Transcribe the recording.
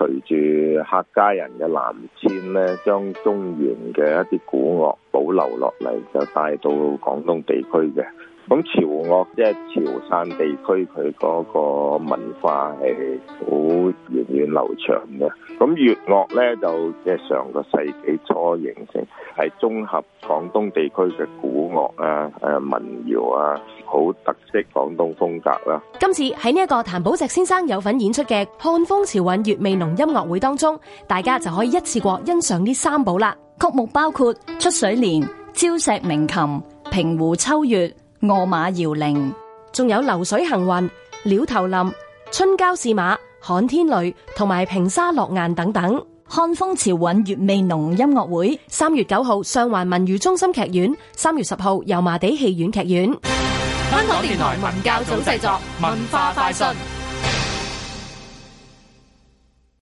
隨住客家人嘅南遷咧，將中原嘅一啲古樂保留落嚟，就帶到廣東地區嘅。咁潮樂，即係潮汕地區，佢嗰個文化係好源流長嘅，咁粵樂咧就即係上個世紀初形成，係綜合廣東地區嘅古樂啊、誒民謠啊，好特色廣東風格啦。今次喺呢一個譚寶碩先生有份演出嘅《漢風潮韻粵味濃》音樂會當中，大家就可以一次過欣賞呢三寶啦。曲目包括《出水蓮》《蕉石鳴琴》《平湖秋月》《餓馬搖鈴》，仲有《流水行雲》《鳥投林》《春郊試馬》。旱天雷同埋《平沙落雁》等等，《漢風潮韻粵味濃》音樂會，三月九號上環文娛中心劇院，三月十號油麻地戲院劇院。香港電台文教組製作，文化快訊。